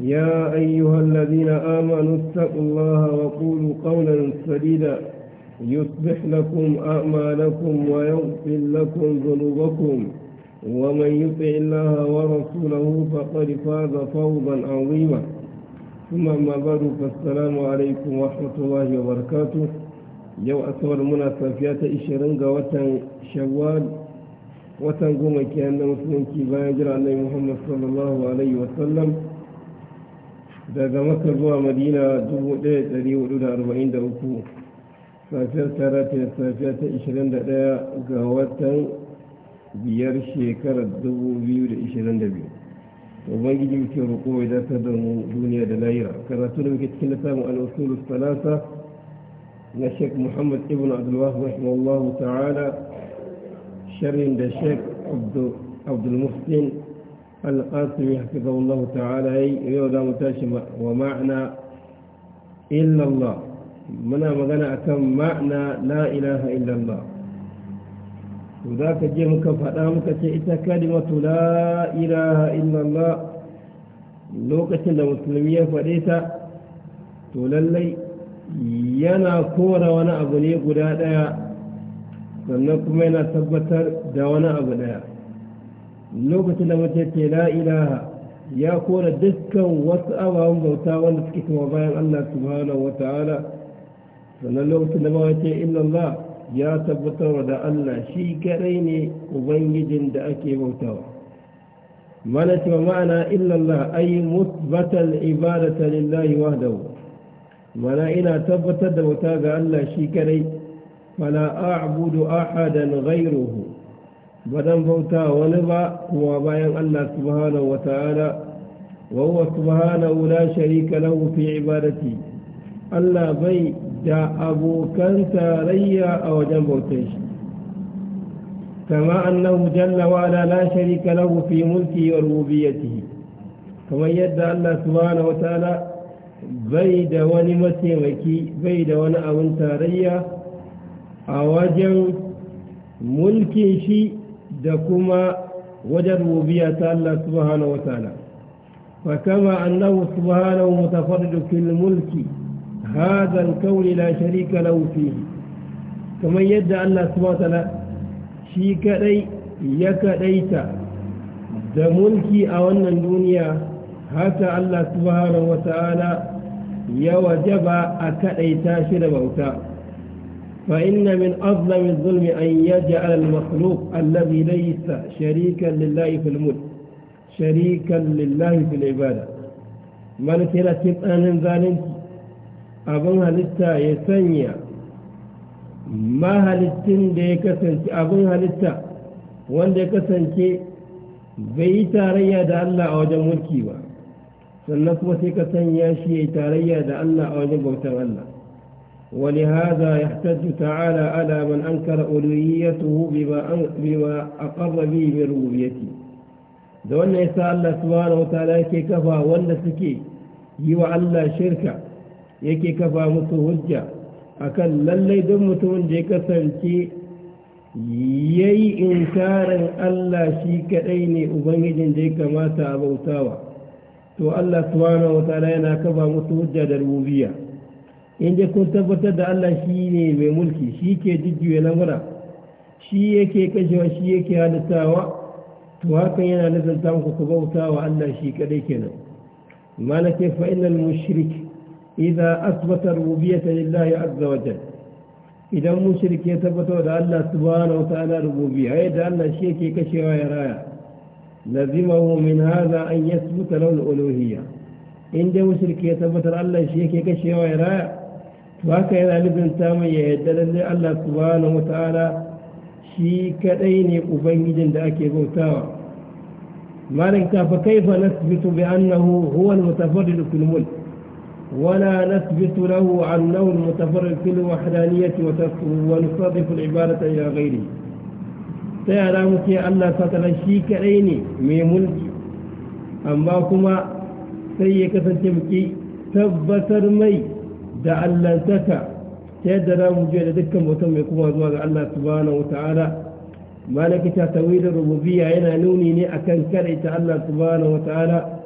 يا أيها الذين آمنوا اتقوا الله وقولوا قولا سديدا يصبح لكم أعمالكم ويغفر لكم ذنوبكم ومن يطع الله ورسوله فقد فاز فوضا عظيما ثم أما بعد فالسلام عليكم ورحمة الله وبركاته يو أصور منا سافيات إشرنغ وتن شوال وتن كأن مسلم كي بايجر النبي محمد صلى الله عليه وسلم daga maka zuwa madina 1443 safiyar tara ta safiya ta 21 ga watan biyar shekarar 2022 ubangiji muke roƙo ya dace da mu duniya da layira karatu da muke cikin lissafin al'usulus salasa na shek muhammad ibn abdulwahab rahimahullahu ta'ala sharhin da shek abdul muhsin القاسم يحفظه الله تعالى أي يودا متاشم ومعنى إلا الله منا مغنى أكم معنى لا إله إلا الله وذاك جي مكفأة مكتئت كلمة لا إله إلا الله لوكة المسلمية فريسة تولي yana kora wani abu ne guda ɗaya sannan kuma yana tabbatar da wani lokacin da mace ce la ilaha ya kora dukkan wasu abawan bauta wanda suke kuma bayan Allah subhanahu wa ta'ala sannan lokacin da mawa ce illallah ya tabbatar da Allah shi kadai ne ubangijin da ake bautawa mana ce cewa ma'ana illallah ay musbatal ibadata lillahi wahdahu mana ina tabbatar da bauta ga Allah shi kadai fala a'budu ahadan ghayruhu بدن فوتا ونبا هو بيان الله سبحانه وتعالى وهو سبحانه لا شريك له في عبادتي الله بي دا أبو كنت ريا أو جنب كما أنه جل وعلا لا شريك له في ملكه وربوبيته كما يدى الله سبحانه وتعالى بيد ونمتي وكي بيد ونأو انت ريا أو جنب ملكي شيء da kuma wajen rubiya ta Allah subhanahu wa ta'ala fa kama annahu subhanahu mutafarridu fil mulki hadha al kawn la sharika lahu fihi kamar yadda Allah subhanahu wa ta'ala shi kadai ya kadaita da mulki a wannan duniya haka Allah subhanahu wa ta'ala ya wajaba a kadaita shi da bauta فإن من أظلم الظلم أن يجعل المخلوق الذي ليس شريكا لله في الملك شريكا لله في العبادة من كلا تبقى من ذلك أبوها لتا يسنيا ما هلتن ديكا سنتي أبوها لتا وان ديكا سنتي بيتا ريا دا الله أوجا ملكي وا سنكو سيكا سنيا شيئ تاريا دا الله أوجا بوتا الله ولهذا يحتج تعالى على من أنكر ألويته بما, أن... بما أقر به من ربوبيته دون يسأل الله سبحانه وتعالى يكي كفى والنسكي يوى ألا شركة يكي كفى متهجة أكن للي دمت من جيك سنكي يي إنكارا ألا شيك أيني أبنجد جيك ماتا أبوتاوى تو الله سبحانه وتعالى ينا كفى متهجة للربوبيته in dai kun tabbatar da Allah shi ne mai mulki shi ke jujjuya lamura shi yake kashewa shi yake halittawa to hakan yana nufin ta ku bauta wa Allah shi kadai kenan malaka fa inal mushrik idza asbata rububiyyata lillahi azza wa jalla idan mushrik ya tabbata da Allah subhanahu wa ta'ala rububiyya ai da Allah shi yake kashewa ya raya lazimahu min hadha an yasbuta lahu al-uluhiyya in dai mushrik ya tabbatar Allah shi yake kashewa ya raya haka yana nufin samun ya yadda lalle Allah subhanahu wata'ala shi kadai ne ubangijin da ake bautawa malin ta fa kaifa nasbitu bi annahu huwa al-mutafarrid fil mulk ولا نثبت له عنه المتفرد في الوحدانية ونصرف العبادة إلى غيره سيعلم كي الله ستنشي كعيني من ملكي أما كما سيكة تمكي تبتر مي da allantaka ta yadda za mu da dukkan mutum mai kuma zuwa ga Allah subhanahu wata'ala ta tawilin rububiyya yana nuni ne a akan karaita Allah subhanahu wata'ala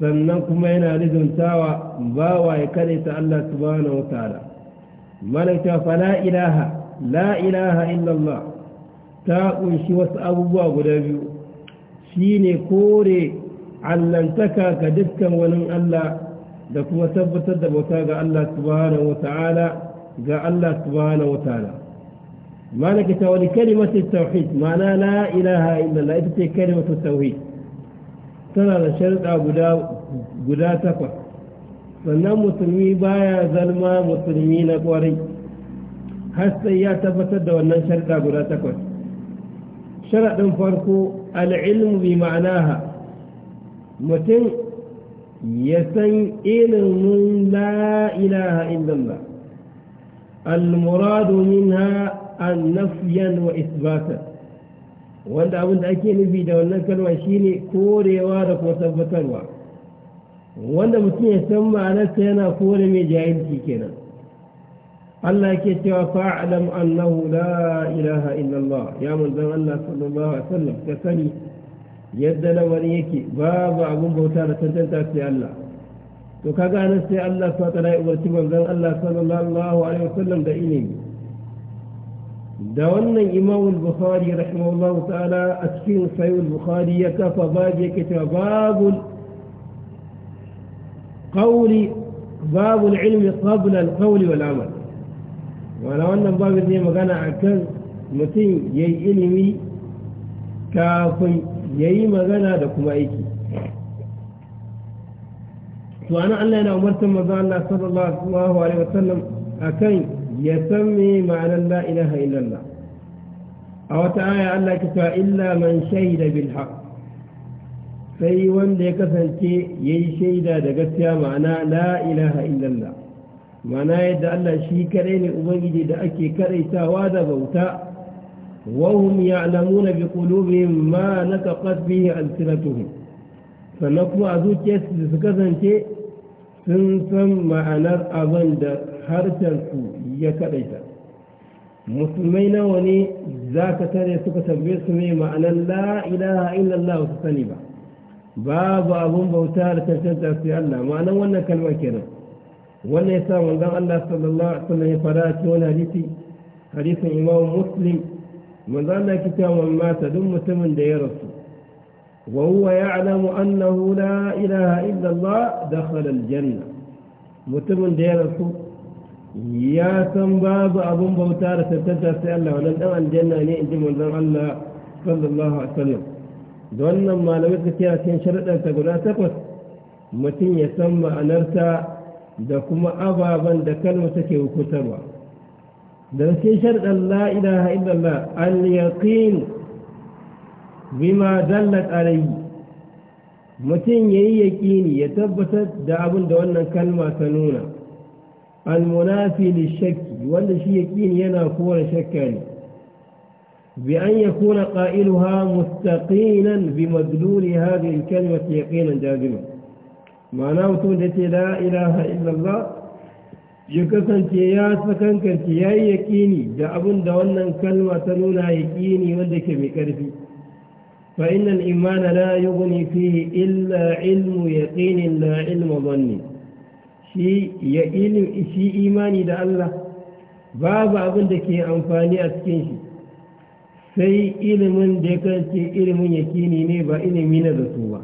sannan kuma yana rizuntawa bawa ya karaita Allah subhanahu wata'ala malaki ta fa la ilaha la ilaha illallah ta kunshi wasu abubuwa guda biyu shine kore allantaka ga dukkan wani Allah da kuma tabbatar da bauta ga Allah subhanahu wata'ala ga Allah subhanahu wata'ala mana ke tawali kalimatu tauhid mana la ilaha illa illallah ita ce kalimatin tauhid tana da sharɗa guda guda takwas sannan musulmi baya zalma musulmi na kwarai har sai ya tabbatar da wannan sharɗa guda takwas sharaɗin farko al'ilmu bi ma'anaha mutum يسن من لا إله إلا الله المراد منها النفيا وإثباتا وانا أبنت أكيني في دولنا كانوا أشيني كوري وارك وثبتا وارك وانا مسيح أنا نسينا كوري من جاهل كينا الله كتوا فاعلم أنه لا إله إلا الله يا من ذا الله صلى الله عليه وسلم كثني yadda lamarin yake babu abin bauta da tantanta sai Allah to kaga nan sai Allah sa ta ya umarci manzon Allah sallallahu alaihi wasallam da ilimi da wannan Imam al-Bukhari rahimahullahu ta'ala a cikin Sahih al-Bukhari ya kafa babu yake ta babu qawli babu al-ilmi qabla al-qawli wal amal wala wannan babu ne magana akan mutum yayi ilimi kafin yayi magana da kuma aiki to ana Allah yana umartar manzo Allah sallallahu alaihi wasallam akan ya san me ma'ana la ilaha illallah a wata aya Allah ke cewa illa man shahida bil haqq sai wanda ya kasance yayi shaida da gaskiya ma'ana la ilaha illallah ma'ana yadda Allah shi kare ne ubangiji da ake karaitawa da bauta وهم يعلمون بقلوبهم ما نطقت به ألسنتهم فنقوى ذو تيس لسكذن تي سنسم معنى أظن در حرشا سو يكريتا مسلمين وني ذاك تري سكسن بيسمي معنى لا إله إلا الله سنبا باب أظن بوتار تشتا في الله معنى وانا كلمة كنا وانا يسا من الله صلى الله عليه وسلم فراتي ولا حديث حديث إمام مسلم من ظن كتابا مات دم ثمن ديرته وهو يعلم أنه لا إله إلا الله دخل الجنة متمن ديرته يا سم باب أبو بوتارة تتسى سألة ولن دم الجنة أن من ظن الله صلى الله عليه وسلم ظن ما لم يتكي أتين شرطا تقول لا تقص متن يسمى أنرتا دكما أبابا دكال متكي وكتبا دلسي شرط لا إله إلا الله اليقين بما دلت عليه متين يي يقيني يتبتت دعب دون كلمة تنونا المنافي للشك ولا شيء يقيني ينا كون شكاني بأن يكون قائلها مستقينا بمدلول هذه الكلمة يقينا جازما معناه تقول لا إله إلا الله ya kasance ya sakankanci ya yi yaƙini da abin da wannan kalma ta nuna yaƙini wanda ke mai ƙarfi فإن الإيمان لا يغني فيه إلا علم يقين لا علم ظن شيء يقين شيء إيماني ده الله باب أبن ده كي أنفاني أسكين شيء sai ilimin da ya kance ilimin yakini ne ba ilimi na zato ba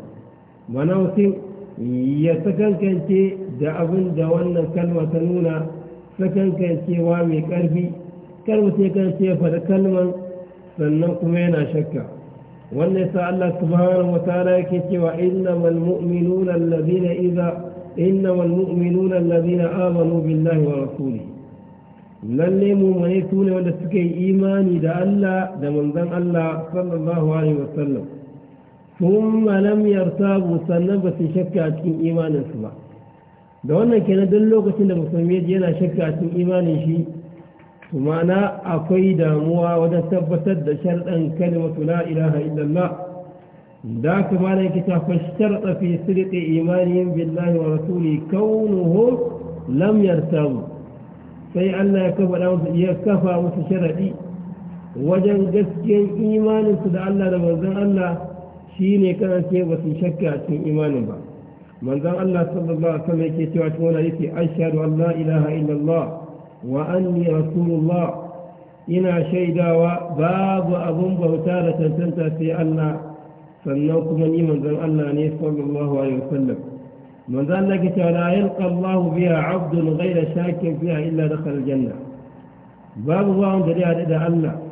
manautin ya sakankance da abin da wannan kalma ta nuna sakankancewa mai ƙarfi kar mutum kan ce faɗa kalman sannan kuma yana shakka wannan yasa Allah subhanahu wa ta'ala yake cewa innamal mu'minuna allazina idza innamal mu'minuna allazina amanu billahi wa rasulihi lalle mu'mini sune wanda suka yi imani da Allah da manzon Allah sallallahu alaihi wasallam ثم لم يرتابوا سنبة شكا su إيمان a cikin da wannan kenan duk lokacin da musulmi yana shakka a cikin imanin shi tumana akwai damuwa wajen tabbatar da sharɗan kalimatu la ilaha illallah da ka ma na ta fashtarta fi sirri imanin billahi wa rasuli kaunuhu lam yartabu sai Allah ya kafa ya kafa musu sharadi wajen gaskiyar su da Allah da manzon Allah shine ne kasance ba su shakka a cikin imanin ba manzan Allah sallallahu alaihi wasallam yake cewa cikin wani yake ashhadu an la ilaha illallah wa anni rasulullah ina shaidawa babu abun bauta da tantanta sai Allah sannan kuma ni manzan Allah ne sallallahu alaihi wasallam manzan Allah ke cewa la yalqa Allah biha abdun ghayra shakin fiha illa dakhala aljanna babu ba wanda da Allah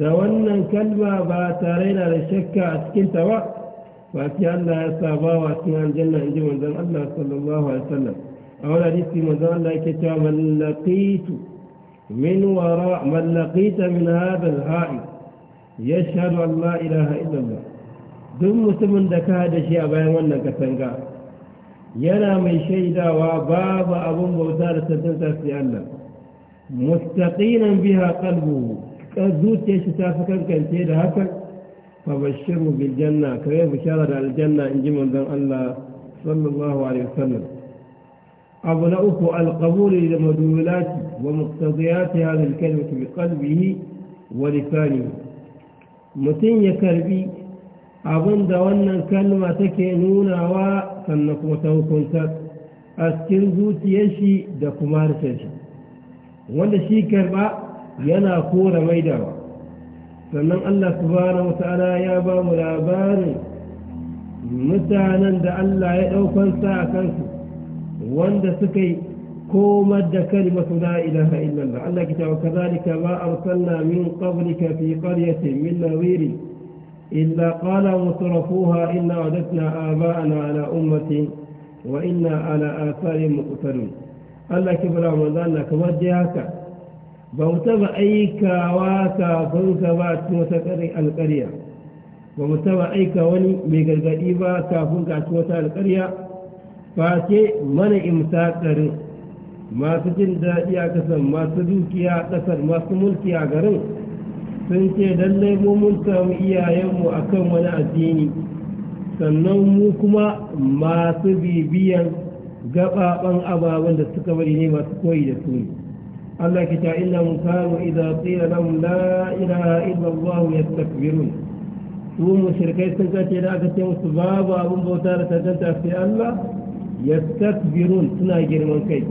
دوانا كلبا باترين على شكا اسكنتا وا واتي الله يصابا واتي الجنة عندي منزل الله صلى الله عليه وسلم أولا ديسي منزل الله كتا من لقيت من وراء من لقيت من هذا الهائل يشهد أن لا إله إلا الله دم مسلم دكا هذا شيء أبايا وانا كتنقا ينا من شيدا وابابا أبو مبزارة تنتهي الله مستقينا بها قلبه zuciyar shi ta fi kankance da hakan fa bashiru bil janna kare bishara da aljanna in ji manzon Allah sallallahu alaihi wasallam abu na uku alqabul lil madulati wa muqtadiyati hadhihi al-kalimati bi qalbihi wa lisanihi mutum ya karbi abin da wannan kalma take nunawa sannan kuma ta hukunta a cikin zuciyar shi da kuma harshen shi wanda shi karba yana kora mai dawa sannan Allah subhanahu wata'ala ya ba mu labarin mutanen da Allah ya ɗaukan sa a kansu wanda suka yi komar da kalmatu la ilaha illallah Allah kita wa kazalika ma arsalna min qablika fi qaryatin min nawiri illa qala mutrafuha inna wadatna aba'ana ala ummati wa inna ala atharihim muqtadun Allah kibra manzana kamar da haka ba mu taɓa aikawa kafin ba ci wata alƙarya ba mu taɓa aika wani mai gargaɗi ba kafin ka ci wata Ba ce mana imsa tsarin masu jin daɗi a ƙasar masu dukiya a ƙasar masu mulki a garin sun ce lallai mu mun samu iyayenmu a kan wani addini sannan mu kuma masu bibiyan gaɓaɓen ababen da suka bari ne masu koyi da su الله كتا إنهم كانوا إذا قيل لهم لا إله إلا الله يستكبرون ثم شركي سنكتي لا كتير سباب أبو بوتارة تنتا في الله يستكبرون تناجر من كي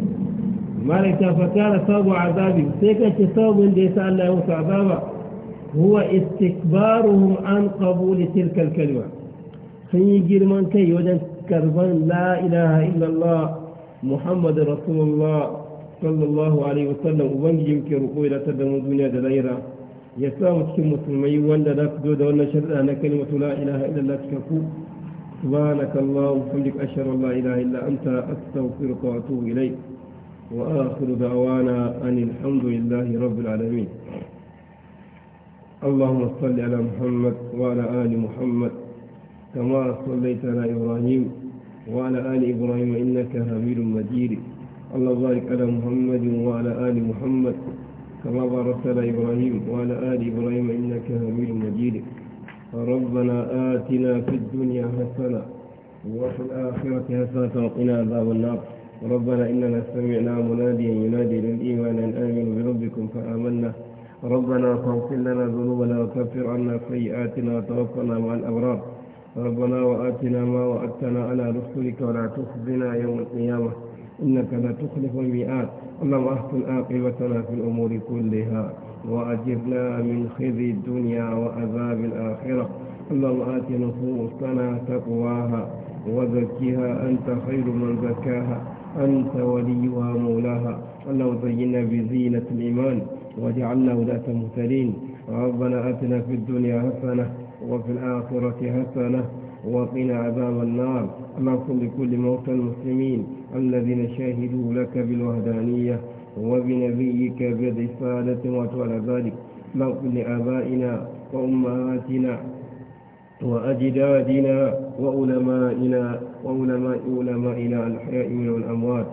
مالك فكان صاب عذابي سيكت صاب ليس الله يوسع عذابا هو استكبارهم عن قبول تلك الكلمة سيجر من كي وجن كربان لا إله إلا الله محمد رسول الله sallallahu alaihi عليه وسلم muke roƙo ya datar da mu duniya da lahira ya sa mu cikin musulmai wanda za su zo da wannan sharda na kalimatu la ilaha illallah سبحانك اللهم وبحمدك أشهد أن لا إله إلا أنت أستغفرك وأتوب إليك وآخر دعوانا أن الحمد لله رب العالمين اللهم صل على محمد وعلى آل محمد كما صليت على إبراهيم وعلى آل إبراهيم إنك حميد مجيد اللهم بارك على محمد وعلى آل محمد كما باركت على إبراهيم وعلى آل إبراهيم إنك حميد مجيد ربنا آتنا في الدنيا حسنة وفي الآخرة حسنة وقنا عذاب النار ربنا إننا سمعنا مناديا ينادي للإيمان أن آمنوا بربكم فآمنا ربنا فاغفر لنا ذنوبنا وكفر عنا سيئاتنا وتوفنا مع الأبرار ربنا وآتنا ما وعدتنا على رسلك ولا تخزنا يوم القيامة إنك لا تخلف الميعاد اللهم أحسن عاقبتنا في الأمور كلها وأجرنا من خزي الدنيا وعذاب الآخرة اللهم آت نفوسنا تقواها وزكها أنت خير من زكاها أنت وليها مولاها اللهم زينا بزينة الإيمان وجعلنا ولاة مهتدين ربنا آتنا في الدنيا حسنة وفي الآخرة حسنة وقنا عذاب النار اللهم كن لكل موتى المسلمين الذين شهدوا لك بالوهدانية وبنبيك بالرسالة وتولى ذلك اللهم كن لآبائنا وأمهاتنا وأجدادنا وعلمائنا وعلماء علمائنا الحياء من الأموات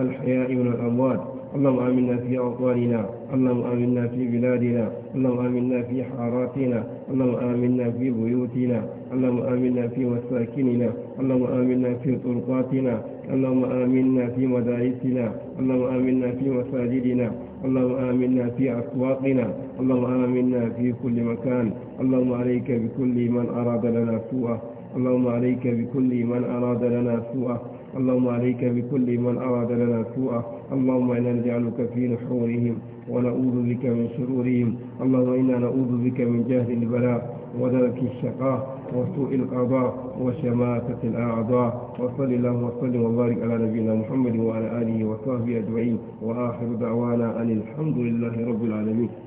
الحياء من الأموات اللهم آمنا في أوطاننا اللهم آمنا في بلادنا اللهم آمنا في حاراتنا اللهم آمنا في بيوتنا اللهم آمنا في مساكننا اللهم آمنا في طرقاتنا اللهم آمنا في مدارسنا اللهم آمنا في مساجدنا اللهم آمنا في أسواقنا اللهم آمنا في كل مكان اللهم عليك بكل من أراد لنا سوءا اللهم عليك بكل من أراد لنا سوءا اللهم عليك بكل من أراد لنا سوءا اللهم إنا نجعلك في نحورهم ونعوذ بك من شرورهم اللهم إنا نعوذ بك من جهل البلاء ودرك الشقاء وسوء القضاء وشماتة الأعضاء وصل اللهم وسلم وبارك على نبينا محمد وعلى آله وصحبه أجمعين وآخر دعوانا أن الحمد لله رب العالمين